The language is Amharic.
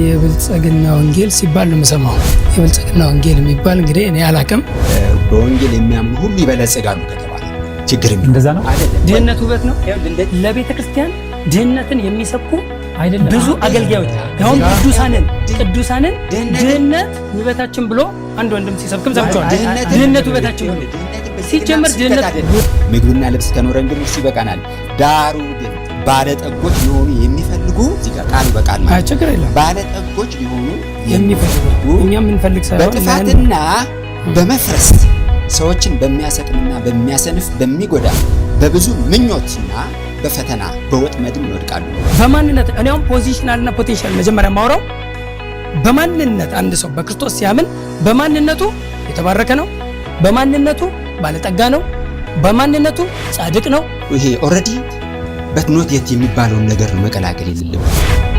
የብልጽግና ወንጌል ሲባል ነው የምሰማው። የብልጽግና ወንጌል የሚባል እንግዲህ እኔ አላቅም። በወንጌል የሚያምኑ ሁሉ ይበለጽጋሉ ከተባለ ችግር እንደዛ ነው። ድህነት ውበት ነው። ለቤተ ክርስቲያን ድህነትን የሚሰብኩ አይደለም ብዙ አገልጋዮች ያውም ቅዱሳንን ቅዱሳንን ድህነት ውበታችን ብሎ አንድ ወንድም ሲሰብክም ሰምቸዋል። ድህነት ውበታችን ሲጀመር ድህነት ምግብና ልብስ ከኖረን ግን ይበቃናል። ዳሩ ግን ባለጠጎች የሆኑ የሚፈልጉ ዚጋ ችግር የለም። ባለጠጎች ሊሆኑ የሚፈልጉ እኛም የምንፈልግ በጥፋትና በመፍረስ ሰዎችን በሚያሰጥምና በሚያሰንፍ በሚጎዳ በብዙ ምኞትና በፈተና በወጥመድም ይወድቃሉ። በማንነት እኔውም ፖዚሽናልና ፖቴንሻል መጀመሪያ ማውራው በማንነት አንድ ሰው በክርስቶስ ሲያምን በማንነቱ የተባረከ ነው። በማንነቱ ባለጠጋ ነው። በማንነቱ ጻድቅ ነው። ይሄ ኦልሬዲ በትኖት የት የሚባለውን ነገር መቀላቀል የሌለም